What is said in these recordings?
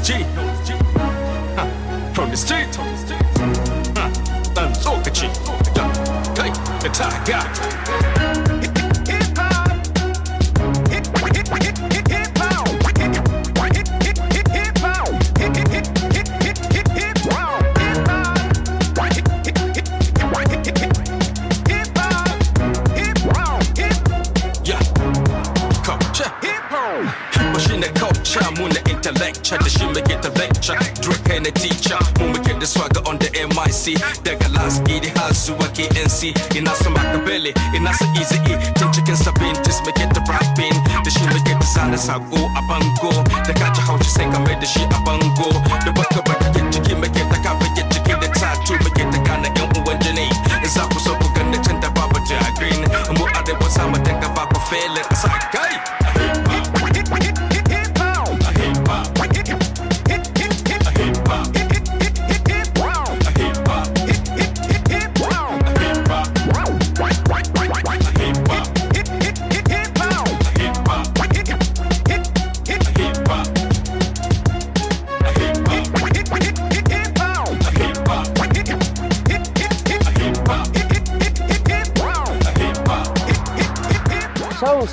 it's G. From the street. Huh. Don't to the Hey, and a teacher mun get the swagger on the MIC daga laski da har zuwa KNC ina son Machiavelli ina so Easy E tun the sabin tis muke da rapping da shi muke da sana sako a bango da kaci hauci sai ka mai da shi a bango da baka baka jiki muke the.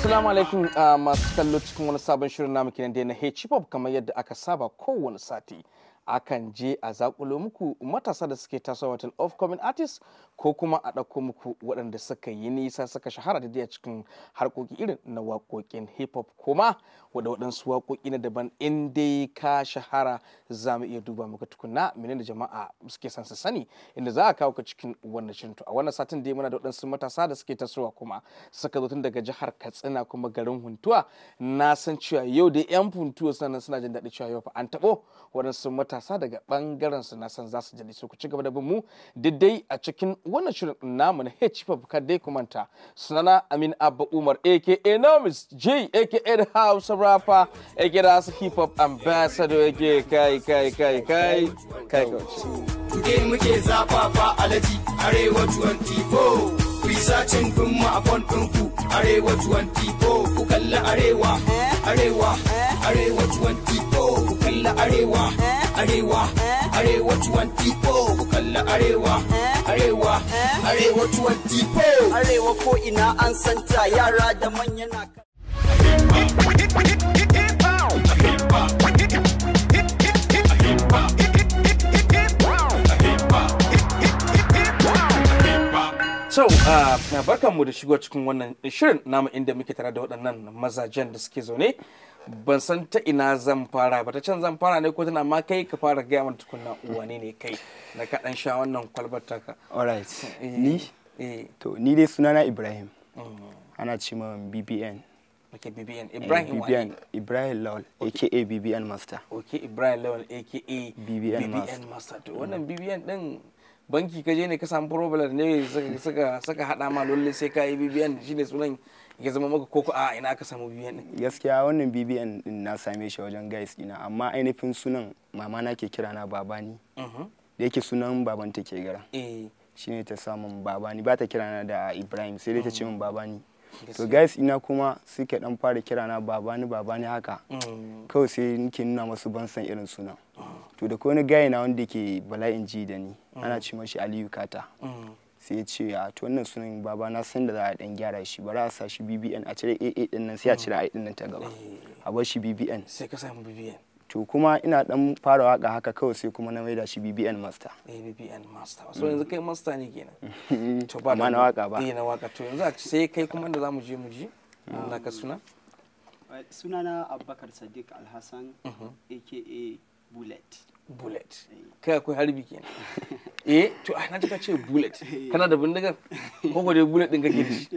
Assalamu alaikum uh, masu kallo cikin wani sabon shirin namu kenan dai na hip hop kamar yadda aka saba kowane sati. akan je a zakulo muku matasa da suke tasowa watan of coming artists ko kuma a ɗauko muku waɗanda suka yi nisa suka shahara da a cikin harkoki irin na waƙoƙin hip hop kuma wada waɗansu waƙoƙi na daban in dai ka shahara za mu iya duba muka tukunna menene jama'a suke son su sani inda za a kawo ka cikin wannan shirin to a wannan satin dai muna da waɗansu matasa da suke tasowa kuma suka zo tun daga jihar Katsina kuma garin Huntuwa na san cewa yau da 'yan Huntuwa suna jin daɗi cewa yau fa an taɓo waɗansu matasa matasa daga bangaren su na san za su su ku ci gaba da bin mu daidai a cikin wannan shirin namu na ka dai kumanta sunana Amin Abba Umar aka Enormous J aka ed House Rapper aka da su Hip Hop Ambassador aka kai kai kai kai kai kai kai muke zafafa alaji arewa 24 ku yi sacin kai mu a fon ɗinku arewa 24 ku kai arewa arewa arewa 24 ku kai arewa arewa eh? arewa 24 ku kalla arewa eh? arewa eh? arewa 24 arewa ko ina an santa yara da manya na So, uh, barkanmu da shigo cikin wannan shirin namu inda muke tare da waɗannan mazajen da suke zaune ban san ta ina zan fara ba ta can zan fara ne ko tana ma kai ka fara gaya mana tukunna wane ne kai na kaɗan sha wannan kwalbar taka alright eh. ni eh. to ni dai sunana ibrahim mm. ana ce ma bbn Okay, BBN. Eh, ibrahim BBN. Ibrahim Lawal, aka BBN Master. Okay, Ibrahim Lawal, aka BBN, Master. To mm. wannan BBN din banki kaje ne ka samu problem ne saka saka hada ma lolle sai ka yi BBN shine sunan ya zama maka koko a ina ka samu BBN din gaskiya wannan BBN din na same shi wajen guys dina amma ainihin sunan mama na ke kira na babani mm-hmm. da yake sunan baban ta ke gara eh. shine ta samun babani ba ta kira na da Ibrahim sai dai ta ce min mm. babani to guys ina kuma suke dan fara kira na babani babani haka mm. kawai sai nake nuna masu ban san irin sunan mm. to da ko wani gaya na wanda ke bala'in ji da ni ana ce mashi Aliyu Kata sai ya ce a ah, to wannan sunan baba na san da za a dan gyara shi ba za a sa shi BBN a cire AA din nan sai a cire A din nan ta gaba a bar shi BBN sai ka samu BBN to kuma ina dan fara waka haka kawai sai kuma na maida shi BBN master eh BBN master so yanzu kai master ne kenan to ba na waka ba eh na waka to yanzu sai kai kuma da zamu je mu ji na ah. ka suna sunana Abubakar Sadiq Alhassan aka mhm. Bullet bullet kai akwai harbi kenan eh to a ah, na ce bullet kana da bindigar ko gode bullet din kake ji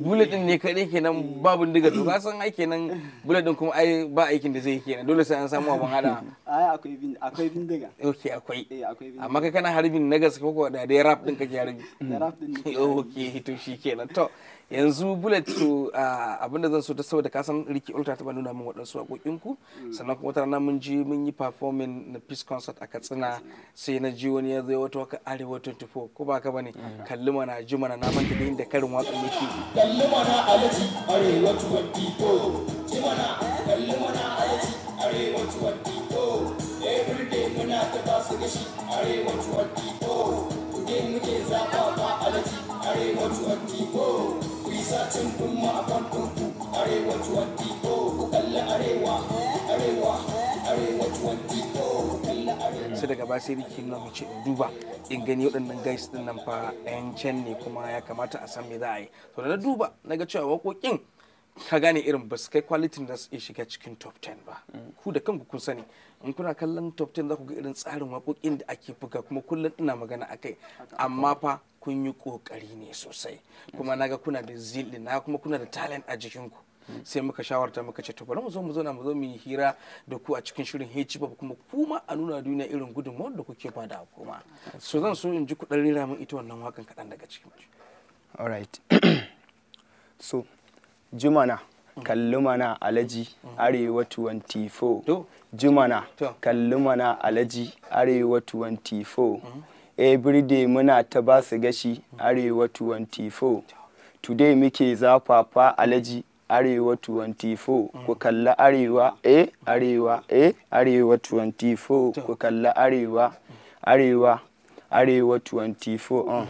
bullet din ne kadai kenan ba bindigar to ka san ai kenan bullet din kuma ai ba aikin da zai yi kenan dole sai an samu abun hada ai akwai bin akwai bindiga okay akwai eh, amma kai kana harbin na gaske ko ko da dai rap din kake harbi da rap din ne okay to kenan to yanzu bullet to abin da zan so ta saboda ka san riki ultra ta nuna min waɗansu waƙoƙin ku hmm. sannan kuma wata rana mun je mun yi performing na peace concert a katsina sai na ji wani ya zo wata waka arewa 24 ko ba ka bane hmm. kalli mana ji mana na manta da inda karin waƙa yake kalli mana alaji arewa 24 ji mana kalli mana alaji arewa 24 every day muna ta ba su gashi arewa 24 today muke zaba ba alaji arewa 24 cin dumma a kan arewa 24 kalla arewa arewa arewa 24 su daga ba sai na mace duba in gani waɗannan gais din nan fa yan can ne kuma ya kamata a san me za a yi to na duba na ga cewa waƙoƙin ka gane irin ba su kai kwalitin da su iya shiga cikin top 10 ba ku da kanku kun sani in kuna kallon top 10 za ku ga irin tsarin waƙoƙin da ake buga kuma kullum ina magana akai amma fa kun yi kokari ne sosai kuma naga kuna da zili na kuma kuna da talent a jikinku sai muka shawarta muka ce to bari mu zo mu zo na mu zo mu yi hira da ku a cikin shirin hip kuma kuma a nuna duniya irin gudunmawar da kuke bada kuma so zan so in ji ku dan rira min ita wannan wakan kaɗan daga cikin all alright so jumana kallumana alaji arewa 24 jumana kallumana alaji arewa 24 everyday muna ta ba su gashi arewa 24 today muke zafafa alaji arewa 24 ku kalla arewa eh arewa eh arewa 24 ku kalla arewa arewa arewa 24 uh.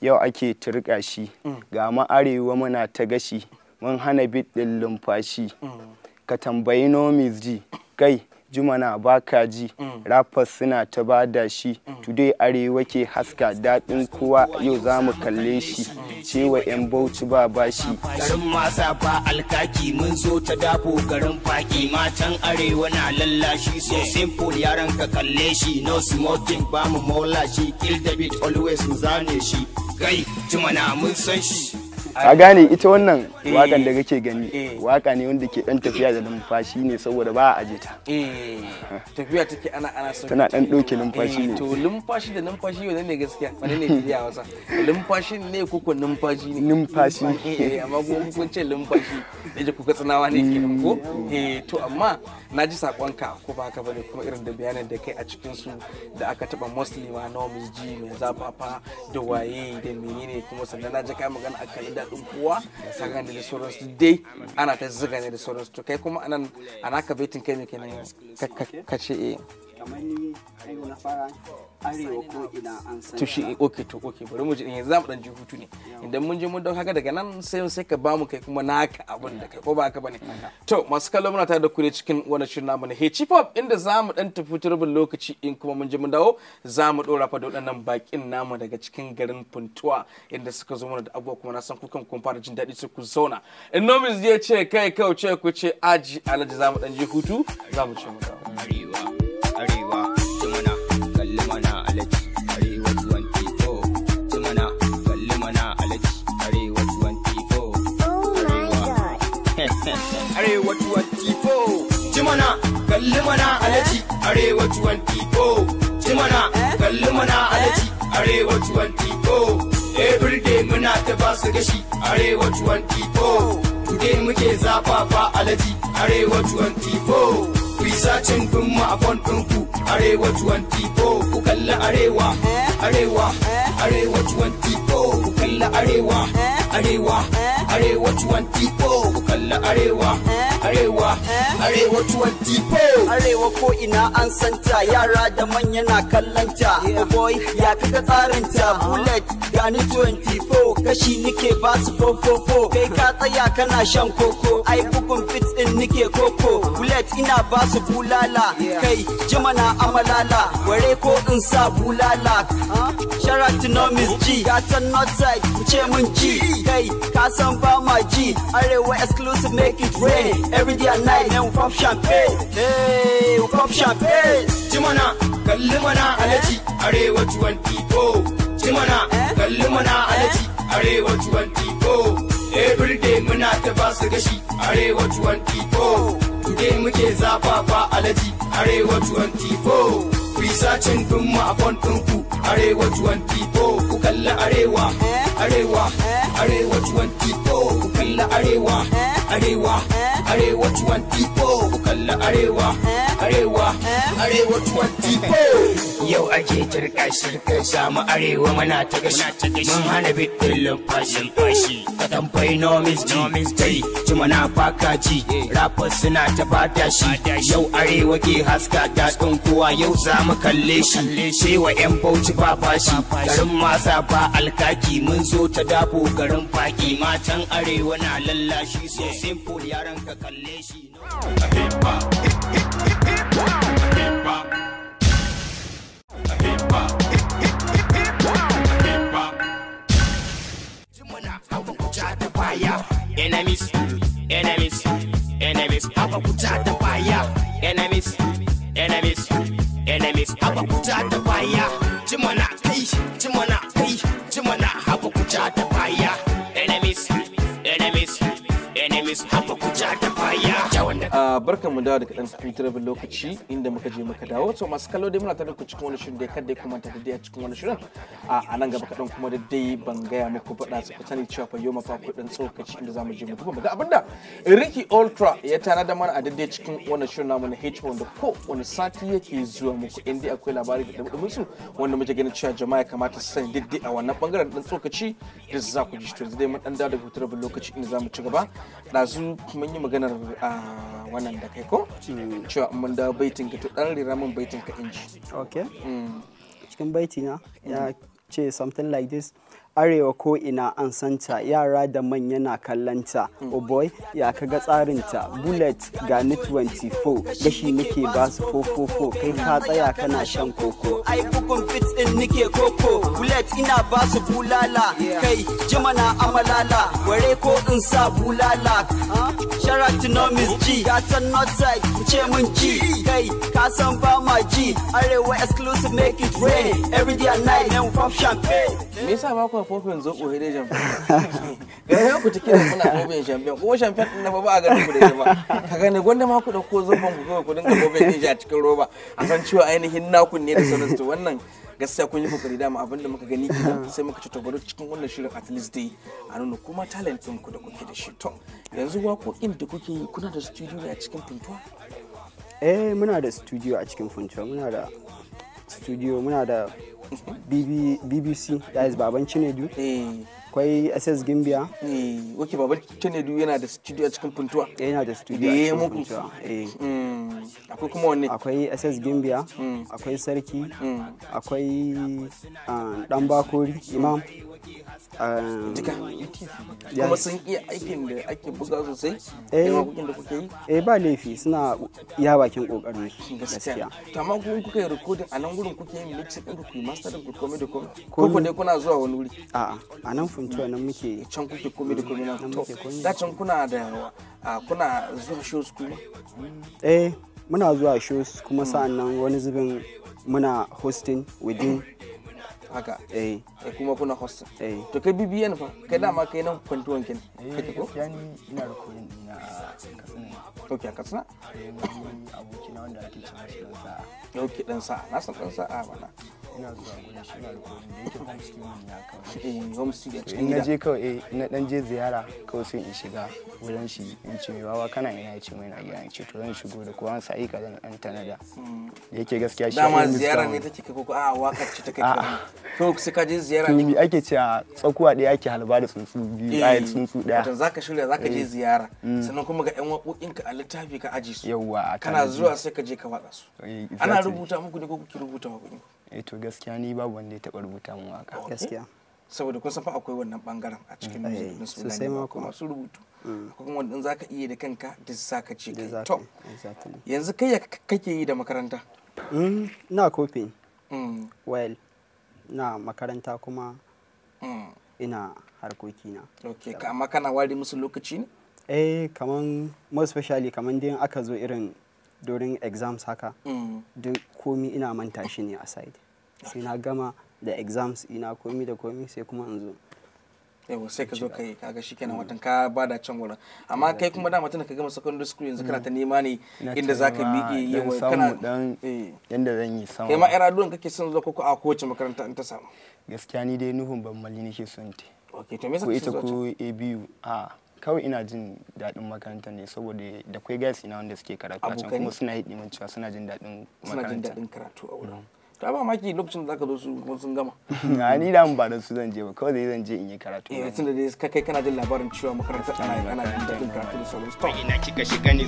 yau ake turka shi mm. ga ma arewa muna ta gashi mun hana bit din lumfashi mm. ka tambayi nomis ji kai jumana baka ji mm. rappers suna ta bada shi mm. today arewa ke haska daɗin kowa yau za mu kalle shi mm. cewa yan bauchi ba bashi garin masa ba alkaki mun zo ta dafo garin faki matan arewa na lallashi so simple yaran ka kalle shi no smoking ba mu mola shi kill david always mu zane shi kai jumana mun san shi ka gane ita wannan eh. wakan da kake gani eh. waka ne wanda ke dan tafiya da numfashi ne saboda ba a aje ta eh. tafiya take ana ana so tana dan doke numfashi ne to numfashi da numfashi wanda ne gaskiya wanda ne tafiya wasa numfashin ne ko ko numfashi ne numfashi eh amma ko kun ce numfashi da kuka tsanawa ne ke ko mm. eh to amma na ji sakonka ko ba ka bane kuma irin da bayanan da kai a cikin su da aka taba mostly ma na Miss G mai zafafa da waye da menene kuma sannan na ji kai magana akan yadda din kowa sanan da sauransu dai ana ta zuga ne da sauransu to kai kuma anan anaka baitin kai ne kenan ka ce eh to shi okay to okay bari mu ji yanzu eh, za mu dan ji hutu ne idan mun je mun don haka daga nan sai sai ka bamu kai kuma naka abin da kai ko ba haka bane to masu kallon muna tare da ku ne cikin wannan shirin namu he hip hop inda za mu dan tafi turbin lokaci in kuma mun je mun dawo za mu dora fa da waɗannan bakin namu daga cikin garin Puntuwa inda suka zo mana da abuwa kuma na san kukan kun fara jin daɗi su ku zauna nomis ya ce kai kauce ku ce aji alaji za mu dan ji hutu za mu ce mu dawo arewa 24 jimana kalli mana alaji arewa 24 jimana kalli mana alaji arewa 24 every day muna ta ba su gashi arewa 24 today muke zafafa alaji arewa 24 ku yi sacin a fon ɗinku arewa 24 ku kalli arewa arewa arewa 24 ku kalli arewa arewa eh? arewa 24 ku kalla arewa eh? arewa eh? arewa tipo arewa ko ina an santa yara da manya na kallanta yeah. Oh boy ya kaka tsarinta uh-huh. bullet gani 24 kashi nike ba su fofofo kai ka tsaya kana shan koko ai bugun fit din nike koko uh-huh. bullet ina ba su bulala kai jima na amalala ware ko in sa bulala uh-huh. sharatinomis g gatan northside ce mun ji kai ka san ba ma ji arewa exclusive make it rain every day and night then we pop champagne hey we pop champagne jimana kalli mana alaji arewa 24 jimana eh? kalli mana eh? alaji arewa 24 every day muna ta ba su gashi arewa 24 today muke zafafa alaji arewa 24 Risacin dinmu makon you ɗinku arewa 24 ku kalla arewa arewa arewa 24 Allah arewa arewa arewa 24 arewa arewa arewa twenty-four yau ake turka shirka samu arewa mana ta gashi mun hana bitin lumfashi fashi ka tambayi nomis nomis dai ci na faka ji rapper suna ta fata shi yau arewa ke haska ta kuwa yau za mu kalle shi cewa yan bauchi ba fashi garin masa ba alkaki mun zo ta dabo garin faki matan arewa na lallashi so simple yaran ka kalle shi Enemies, enemies, enemies, hapa kutata fire. Enemies, enemies, enemies, hapa kutata fire. Jimona kai, jimona kai, jimona hapa kutata fire. Enemies, enemies, enemies, hapa barkan mu dawo da kaɗan cikin turabin lokaci inda muka je muka dawo to masu kallo dai muna tare ku cikin wani shirin da kadda ya kuma ta a cikin wani shirin a nan gaba kaɗan kuma da dai ban gaya muku faɗa su sani cewa fa yau mafa kuɗin tsokaci inda zamu je muku duba ga abinda Ricky Ultra ya tana da mana a daidai cikin wani shirin namu na H da ko wani sati yake zuwa muku in dai akwai labari da dumudumin su wanda muke ganin cewa jama'a ya kamata su san daidai a wannan bangaren dan tsokaci da za ku ji shi to dai mun dan dawo da turabin lokaci inda zamu ci gaba ɗazu mun yi maganar ah, wannan da kai ko mm. cewa mun da baitin ka to dan rira mun baitin ka inji okay mm. cikin baiti na ya mm. ce something like this arewa ko ina an santa yara da manya na kallanta o oh boy ya kaga tsarinta bullet ga ni 24 gashi nake ba su 444 kai ka tsaya kana shan koko ai bukun fit din nike koko bullet ina ba su bulala kai jima na amalala ware ko in sa bulala miss g gatan northside ce mun g kai ka san ba ma g arewa exclusive make it rain every day and night then pop champagne me sa ba kofin zoɓo hidai jamfen ga ya ku tiki muna kofin jamfen kuma jamfen ɗin na ba a ganin ku da ba ka gane gwanda ma ku ko zoɓon ku kawai ku dinga kofin ɗin a cikin roba a san cewa ainihin nakun ne da sauransu wannan gaskiya kun yi kokari dama abin da muka gani sai muka ci togoro cikin wannan shirin at least dai a nuna kuma talent ɗin ku da kuke da shi to yanzu waƙoƙin da kuke kuna da studio a cikin funtuwa eh muna da studio a cikin funtuwa muna da studio muna da bbc that baban chinedu eh. akwai ss gimbiya eh, ok baban chinedu yana da studio a cikin puntuwa yana da studio a eh, cikin puntuwa hmm, akwai kuma wanne akwai ss gimbiya hmm. akwai sarki hmm. akwai dan ah, bakori imam kuma sun iya aikin da ake buga sosai eh da kuke yi eh ba laifi suna iya bakin kokarin gaskiya to kuka yi recording a nan gurin kuke yin mixing din ko ko dai kuna zuwa wani wuri a nan funtuwa nan muke can kuke komai da komai nan to da can kuna da kuna zuwa shows kuma eh muna zuwa shows kuma hmm. sa'annan wani zubin muna hosting within hmm. haka eh. eh kuma kuna hosta eh to kai BBN fa kai dama kai nan kwantuwan kin eh, kake ko gaskiya ni ina recording din a Katsina okay a eh wani aboki na wanda ake cewa dan sa'a okay dan sa'a na san dan sa'a ah, bana ina zuwa gurin shi na da yake home studio ne ya kawai eh home studio cikin gida je kawai eh, na dan je ziyara kawai sai in shiga wurin shi in ce mai wawa kana ina ya ce mai na gida in ce to zan shigo da kowa sai ka zan dan tanada hmm. yake gaskiya shi dama ziyara ne take ko a ah, wakar ce take to sai ka je ziyara ne ake ce a tsakuwa ɗaya ake halba da tsuntsu biyu eh, a tsuntsu ɗaya to zaka shirya zaka je eh. ziyara mm. sannan kuma ga yan ka a littafi ka aji su yawwa kana zuwa sai ka je ka watsa su ana rubuta muku ne ko kuke rubuta waƙoƙinku eh to gaskiya ni babu wanda ya taba rubuta mun waka gaskiya saboda kun fa akwai wannan bangaren a cikin eh, music Su sai ma kuma su rubutu mm. akwai kuma wanda zaka iya da kanka duk zaka ce to yanzu kai ya kake yi da makaranta mm, na coping mm. well na makaranta kuma ina harkoki na okay amma kana ware musu lokaci ne eh kaman more especially kaman din aka zo irin during exams haka mm. duk komi ina manta shi ne aside sai na gama da exams ina komi da komi sai kuma in zo sai ka zo kai kaga kenan watan ka bada can wurin amma kai kuma dama da ka gama secondary school yanzu kana ta mm. nema ne inda zaka miƙe yau kana dan eh. yanda zan yi sama kai ma ira duwan kake son zo ko a kowace makaranta in ta samu gaskiya ni dai nuhun ban mali nake son ta to me ko ita ko ABU a kawai ina jin daɗin makarantar ne saboda da kwai guys ina wanda suke karatu a can kuma suna yi min cewa suna jin daɗin makaranta suna jin daɗin karatu a wurin mm. ta ba maki lokacin da zaka zo su kuma sun gama Na ni da ba da su zan je ba kawai zai zan je in yi karatu eh tunda dai ka kai kana jin labarin cewa makarantar ana ana jin daɗin karatu da sauran su. ina kika shiga ni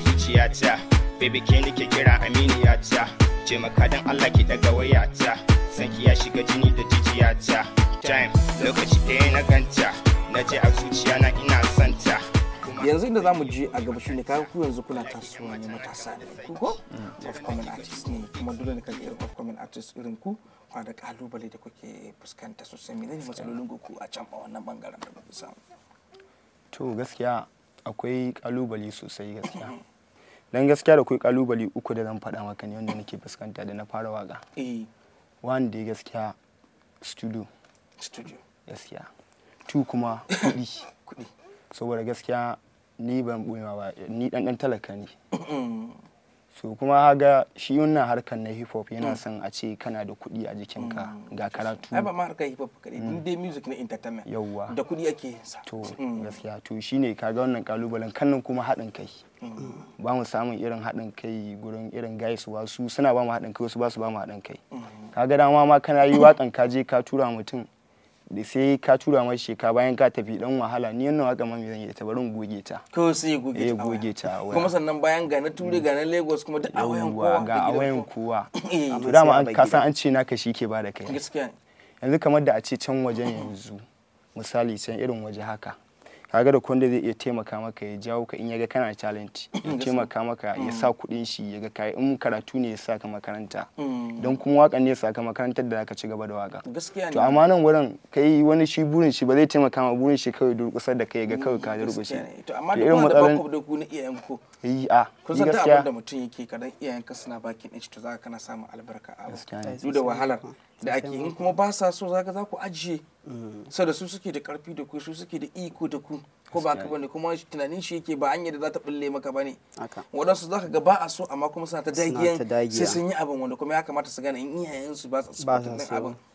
ta. baby ke ni ke kira aminiyata ce maka dan Allah ki daga waya wayata sanki ya shiga jini da jijiya ta. time lokaci ɗaya na ganta na je a zuciya na ina santa yanzu inda za mu je a gaba shine kaga ku yanzu kuna tasowa ne matasa ne ku ko of common artist ne kuma dole ne kaga of common artist irin ku kwa da kalubale da kuke fuskanta sosai me ne matsalolin ku a can a wannan bangaren da kuke samu to gaskiya akwai kalubale sosai gaskiya dan gaskiya da akwai kalubale uku da zan faɗa maka ne wanda nake fuskanta da na fara waka eh wanda gaskiya studio studio gaskiya tu kuma kuɗi kuɗi saboda gaskiya ni ban ɓoyewa ba ni ɗanɗan talaka ne so kuma haga shi wannan harkar na hip hop yana son a ce kana da kuɗi a jikinka mm. ga karatu ai ba ma harkar hip hop kadai din dai music na entertainment yawwa da kuɗi ake sa to mm. gaskiya to shine kaga wannan kalubalen kannan kuma haɗin kai mm. ba mu samun irin haɗin kai gurin irin guys wasu suna ba mu haɗin kai wasu ba su ba mu haɗin kai kaga dama ma kana yi wakan ka je ka tura mutum da sai ka tura mai sheka bayan ka tafi dan wahala ni wannan haka ma zan yi ta barin goge ta ko sai goge ta eh, goge ta kuma sannan bayan ga na ture ga na mm. Lagos kuma da awayan kowa ga awayan kowa eh, to dama an ka san an ce naka shike ba da kai gaskiya yanzu kamar da a ce can waje yanzu misali can irin waje haka kaga da kwanda zai iya taimaka maka ya jawo ka in ya ga kana talent ya mm, taimaka maka ya mm. sa kudin shi ya ga kai in karatu ne ya sa ka makaranta mm. don kuma wakan ne ya sa ka makarantar da zaka ci gaba da waka to amma nan wurin kai wani shi burin shi ba zai taimaka ma burin shi kawai kusa da kai ga kawai ka shi to amma duk wanda ba ku da ku na iyayen ku yi a kun san abin da mutum yake kadan iyayen ka suna bakin ɗin to zaka kana samun albarka a duk da wahalar da ake in kuma ba sa so zaka za ku ajiye sau da su suke da karfi da ku su suke da iko da ku ko ba ka bane kuma tunanin shi yake ba hanyar da za ta bulle maka bane waɗansu za ka ga ba a so amma kuma suna ta dagiyan sai sun yi abin wanda kuma ya kamata su gane in iyayen su ba su abin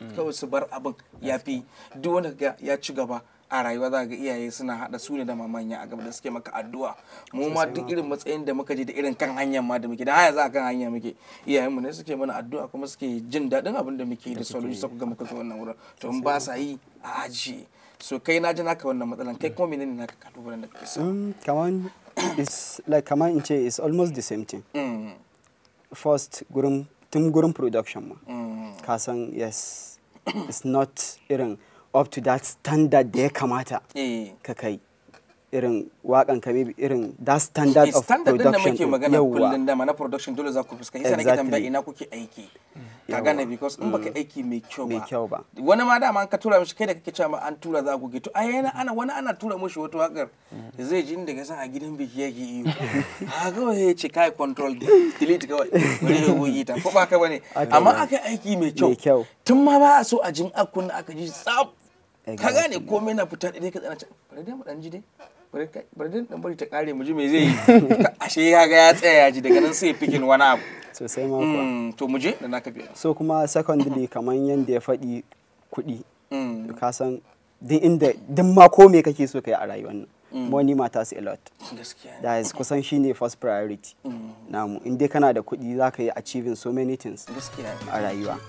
mm. su bar abin ya fi duk wanda ya ci gaba a rayuwa za ga iyaye suna hada su ne da mamanya a gaba da suke maka addu'a mu ma duk irin matsayin da muka je da irin kan hanyar ma da muke da haya za kan hanya muke iyayenmu ne suke mana addu'a kuma suke jin daɗin abin da muke da sauran su ga muka zo wannan wurin to in ba sa yi a ajiye so kai na ji naka wannan matsalan kai kuma menene naka kalubalen da kake so mm, kaman is like kaman in ce is almost the same thing mm. first gurin tun gurin production ma mm. ka san yes it's not irin up to that standard da ya kamata eh. ka kai irin wakan ka irin that standard eh, of production standard din muke magana kullun dama na production dole za ku fuskanci sai kitan bai ina kuke aiki ka gane because in baka mm. aiki mai kyau ba mai kyau ba wani ma dama an ka tura mishi kai da kake cewa an tura za ku to A yana ana wani ana tura mishi wata wakar zai ji inda ka san a gidan biki yake iyo ha ga ya ce kai control delete kawai wani ya gogi ta ko ba ka bane amma aka aiki mai kyau tun ma ba a so a jin akun aka ji tsaf Eh, ka gane komai na fita dai ka tsana can bari dai mu dan ji dai bari dai dan bari ta kare mu ji me zai yi ashe ya ga ya tsaya ya ji daga nan sai fikin wani abu sosai ma mm, to mu je da naka biya so kuma secondly kamar yanda ya faɗi kuɗi mm. ka san duk inda duk ma komai kake so kai a rayuwar nan mm. money matters a lot that is kusan shine first priority namu in dai kana da kuɗi zaka yi achieving so many things a rayuwa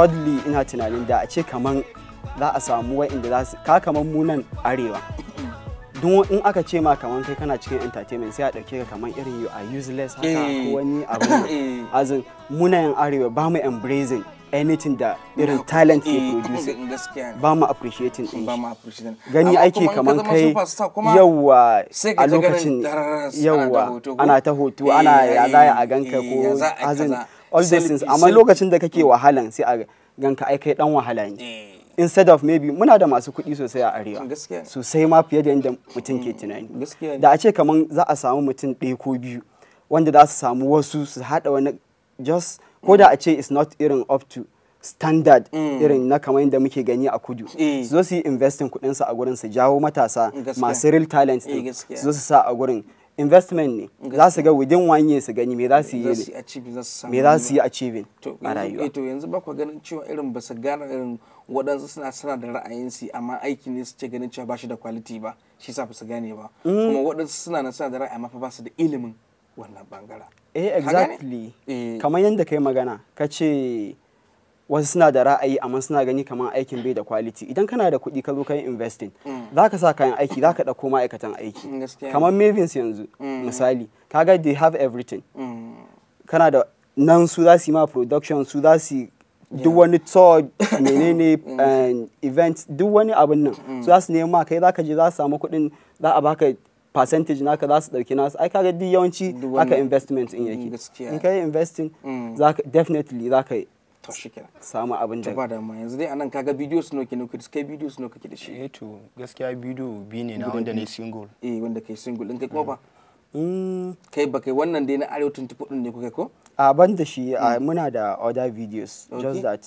thirdly ina tunanin da a ce kaman za a samu wa'inda za su ka kaman munan arewa don in aka ce ma kaman kai kana cikin entertainment sai a ɗauke ka kaman irin you are useless haka ko eh. wani abu azin yan arewa ba mu embracing anything da irin talent ke eh, producing ba mu appreciating din gani ake kaman kai yawwa a lokacin yawwa ana ta hoto ana eh, ya za a ganka ko azin all the things amma lokacin da kake mm. wahalan sai a ganka ai kai dan wahala ne eh. instead of maybe muna da masu kuɗi sosai a arewa sosai ma fiye da yadda mutum ke mm. tunani da a ce kaman za a samu mutum ɗaya ko biyu wanda za su samu wasu su haɗa wani just ko da mm. a ce is not irin up to standard irin na kamar yadda muke gani a kudu eh. su zo su yi investin kudinsu a gurin su jawo matasa masu real talent eh, su zo su sa a gurin investment ne za su ga within one year su gani me za su yi me za su yi achieving a rayuwa eh, to yanzu ba ku ganin cewa irin ba su gane irin waɗansu suna suna da ra'ayinsu amma aiki ne su ce ganin cewa ba shi da quality ba shi sa ba su gane ba mm. kuma waɗansu suna na suna da ra'ayi amma fa ba su da ilimin wannan bangaren eh exactly eh. kamar yadda kai magana ka ce wasu suna da ra'ayi amma suna gani kamar aikin bai da kwaliti idan kana da kuɗi ka zo ka yi investing mm. za ka sa kayan aiki za ka ɗauko ma'aikatan aiki mm, kamar mavins yanzu mm. misali kaga they have everything kana da nan su za su yi ma production su za su duk wani tour menene um, event duk wani abin nan su za su nema kai za ka je za su samu kuɗin za a baka percentage naka za su ɗauki nasu ai kaga duk yawanci haka investment in yake in kai investing definitely za ka to shikenan samu abin da ba da ma yanzu dai anan kaga bidiyo su noke noke kai bidiyo su noke da shi eh to gaskiya bidiyo bi ne na wanda ne single eh wanda kai single din kai kuma ba hmm. kai ba kai wannan dai na arewa 24 din ne kuka ko a ban da shi hmm. muna da other videos just that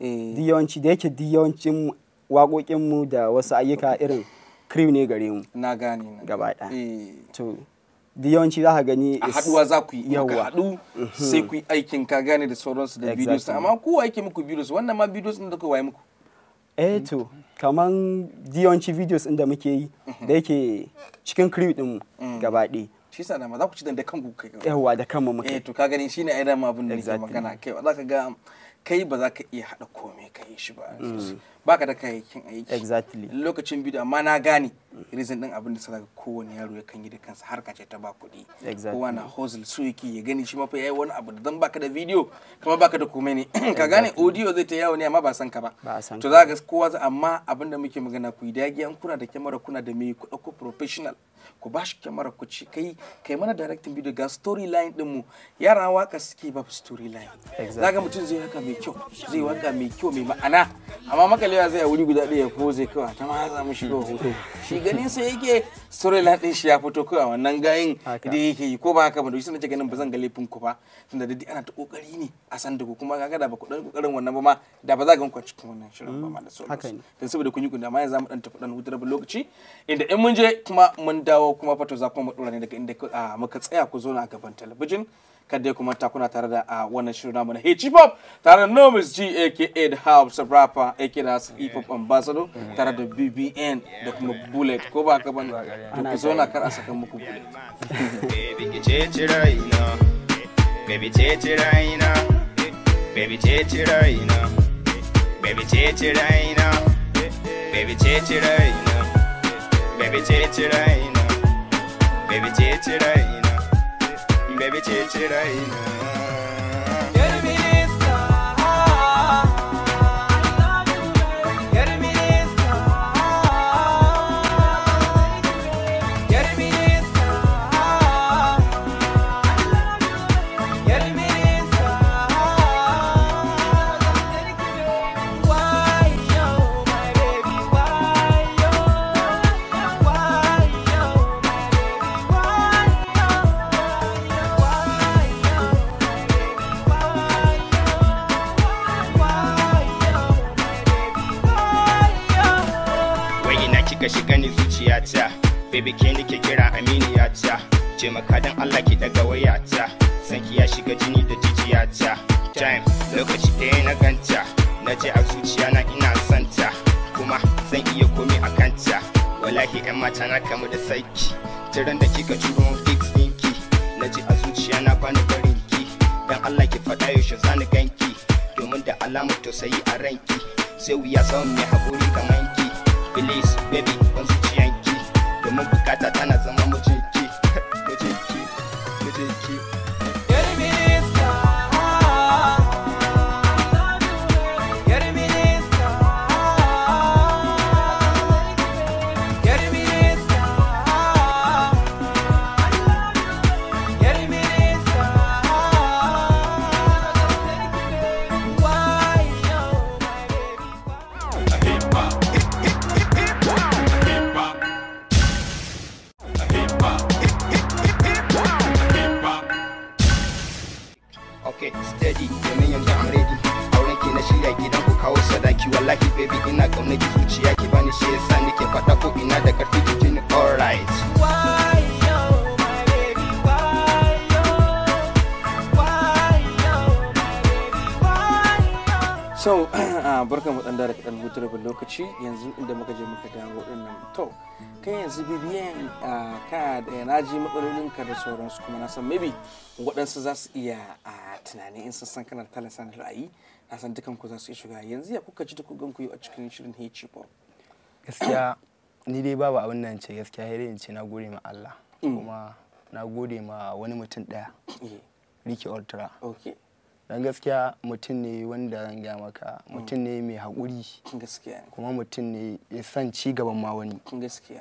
eh. Di yawanci da yake duk yawancin waƙoƙinmu da wasu ayyuka irin crew ne gare mu na gane gaba ɗaya eh. to da yawanci za ka gani a haduwa za ku yi ka haɗu sai ku yi aikin ka gane da sauransu da videos amma ko aiki muku videos wannan ma videos din da waye muku eh to kaman yawanci videos din da muke yi mhm. da yake cikin crew din mm. gaba ɗaya shi sa ma za ku ci da kanku kai yawa da kanmu muke eh to ka gani shine ai dama abin da nake magana kai za ka ga kai ba za ka iya hada komai kai shi ba mm. baka da kayayyakin aiki exactly lokacin bidiyo amma na gane reason din abin da sa ga kowane yaro ya kan yi da kansa har kace ta ba kuɗi exactly kowa na hustle so yake ya gani shi ma fa yayi wani abu dan baka da video kuma baka da komai ne ka gane audio zai ta yawo ne amma ba san ka ba to za ga kowa za amma abin da muke magana ku yi dagi an kuna da kyamara kuna da mai ku dauko professional ku ba shi kyamara ku ci kai kai mana directing video ga storyline din mu yara waka suke ba storyline za ga mutun zai haka mai kyau zai waka mai kyau mai ma'ana amma maka makalewa zai a wuri guda ɗaya ko zai kawai ta ma za mu shiga hoto shi ganin sa yake storyline din shi ya fito kawai wannan gayin da yake yi ko ba haka ba da sun ce ganin ba zan ga laifin ku ba tunda da ana ta kokari ne a san da ku kuma kaga da ba ku dan kokarin wannan ba ma da ba za ga kwanci cikin wannan shirin ba ma da sauransu dan saboda kun yi kun da ma yanzu mu dan tafi dan hutar lokaci inda in mun je kuma mun dawo kuma fato za ku mu dora ne daga inda ah, muka tsaya ku zo na gaban talabijin kada ya kuma takuna tare da a wannan shirin namu na hip hop tare da Nomis G aka da House rapper aka da su hip hop ambassador tare da BBN da kuma Bullet ko ba ka ban to ku zo na kar a saka muku Bullet baby ce ce raina baby ce raina baby ce ce raina baby ce raina baby ce ce raina baby ce raina bebi çiçireyim kika shiga ni zuciya ta baby ke nake kira aminiya ta ce maka dan Allah ki daga waya ta sanki ya shiga jini da jijiya ta time lokaci ɗaya na ganta na je a zuciya na ina santa kuma zan iya komi a kanta wallahi yan mata na kamu da saiki tiran da kika turo fix ɗinki na je a zuciya na bani barin ki dan Allah ki faɗa yaushe zani ganki domin da alamar tausayi a ranki sai wuya samun mai haƙuri ki. baby yanzu bibiyan ka da naji matsalolinka da sauransu kuma na san mabi waɗansu za su iya a tunani in sun san kana talasan ra'ayi na san dukan ku za su iya shiga yanzu ya kuka ji da ku ku a cikin shirin hece gaskiya ni dai babu abin nan ce gaskiya sai in na gode ma Allah mm. kuma na gode ma wani mutum daya eh. Ricky Ultra dan gaskiya mutum ne wanda zan gaya maka mutum ne mai haƙuri kuma mutum ne ya san ci gaban ma wani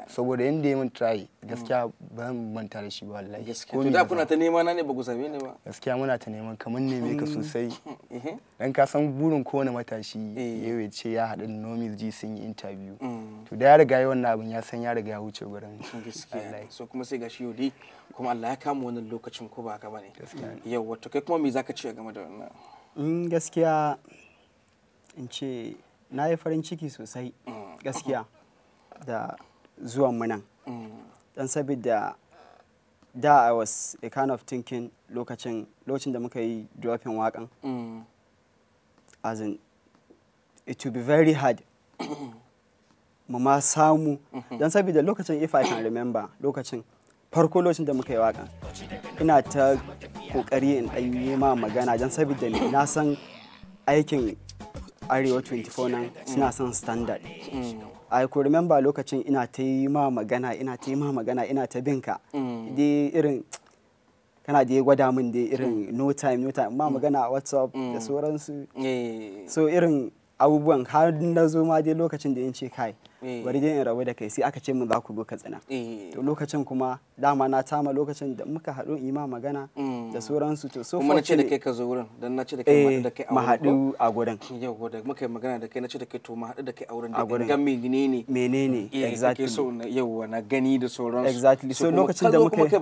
saboda yadda ya mun try mm. gaskiya ba zan manta da shi ba wallahi gaskiya da kuna ta nema na ne ba ku same ni ba gaskiya muna ta neman kamar ne mai ka sosai eh. dan ka san burin kowane matashi eh. ya ce ya haɗu nomis ji sun yi interview mm. to da ya riga yi wannan abin ya san ya riga ya wuce gurin gaskiya so kuma sai ga shi yau kuma Allah ya kama wannan lokacin ko ba ka bane yau wato kai kuma me zaka ce game da wannan in mm, gaskiya in ce na yi farin ciki sosai mm. gaskiya da zuwan mu nan mm. dan saboda da I was a kind of thinking lokacin lokacin da muka yi dropping wakan as in it will be very hard mu ma samu mhm. don saboda lokacin if I can remember lokacin farko lokacin da muka yi waka ina ta kokari in yi ma magana don saboda na san aikin arewa 24 nan suna mm. son standard mm. I could remember lokacin ina ta yi ma magana ina ta yi ma magana ina ta binka. Mm. dai irin kana da ya gwada min dai irin no time no time ma magana a whatsapp da sauransu eh. so irin abubuwan har na zo ma dai lokacin da in ce kai Eh. bari dai in rabu da kai sai aka ce mun za ku zo katsina eh. to lokacin kuma dama na tama lokacin da muka haɗu in ma magana mm. da sauransu to so kuma na ce da kai ka zo wurin dan na ce da kai eh, da kai a haɗu a gurin yau da muka yi magana da kai na ce da kai to ma haɗu da kai a wurin da ga menene menene exactly so yau na gani da sauransu exactly so lokacin da muka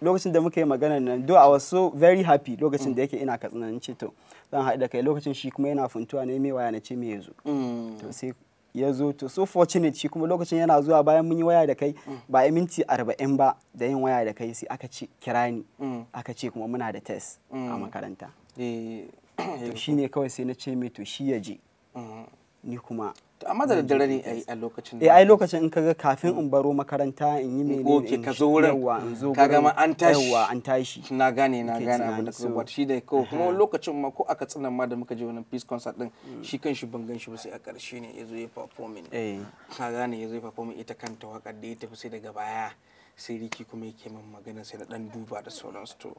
lokacin da muka yi magana nan do I was so very happy lokacin mm. da yake ina katsina ce to zan haɗu da kai lokacin shi kuma yana funtuwa ne me waya na ce me yazo mm. to sai ya zo to so fortunate shi kuma lokacin yana zuwa bayan mun yi waya da kai mm. ba a minti arba'in ba da yin waya da kai sai aka ce kira ni mm. aka ce kuma muna da test a mm. makaranta eh, to eh. ne kawai sai na ce mai to shi ya je ni kuma amma da daddare ne ai a lokacin eh ai lokacin in kaga kafin in baro makaranta in yi menene okay ka zo wurin kaga ma an tashi yawa an tashi na gane na gane abu da kuma shi da ko kuma lokacin ma ko aka tsinan ma da muka je wannan peace concert din hmm. shi kanshi ban shi ba sai a karshe ne yazo ya performing eh ka gane yazo ya performing ita kanta wakar da ya tafi sai daga baya sai riki kuma yake min magana sai na dan duba da sauran su to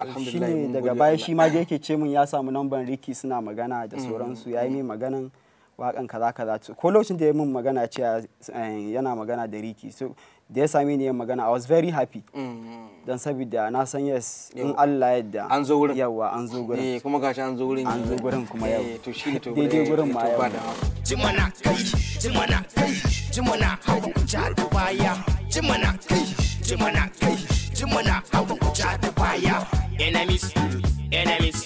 alhamdulillah daga baya shi ma da yake ce min ya samu namban riki suna magana da sauransu hmm, hmm, yayi mai maganan wakan kaza kaza ko lokacin da ya magana ce eh, yana magana da Riki so da ya sami ni magana I was very happy mm-hmm. dan saboda na san yes in Allah yadda an zo wurin yawa an zo gurin eh kuma gashi an zo wurin an zo gurin kuma yau eh, to ne to dai gurin eh, ma yau jimana kai jimana kai jimana ku ja da baya jimana kai jimana kai jimana ku ja da baya enemies enemies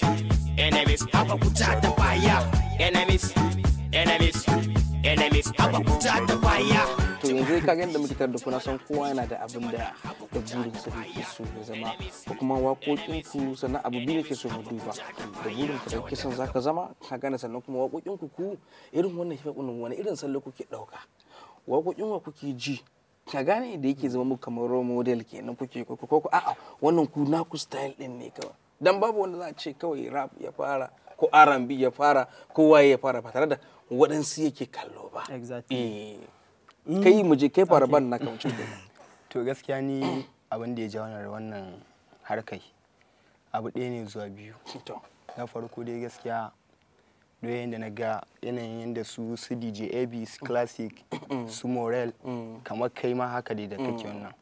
enemies ku ja da baya enemies enemies enemies ta to yanzu ka ga yadda muke da kuna san kowa yana da abin da da burin sa yake so ya zama ko kuma waƙoƙin sannan abu biyu yake so mu duba da burin ka da kake son zaka zama ka gane sannan kuma waƙoƙin ku ku irin wannan shi wani irin sallo kuke ɗauka waƙoƙin wa kuke ji ka gane da yake zama muku kamar role model kenan kuke ko ko a'a wannan ku na ku style din ne kawai dan babu wanda za a ce kawai rap ya fara ko R&B ya fara ko waye ya fara ba tare da waɗansu yake kallo ba eh, kai mu je kai fara ban na kamce to gaskiya ni abin da ya ja wannan wannan harkai abu ɗaya ne zuwa biyu na farko dai gaskiya doya yadda na ga yanayin yadda su su dj classic su morel mm. kamar kai ma haka dai da kake mm. wannan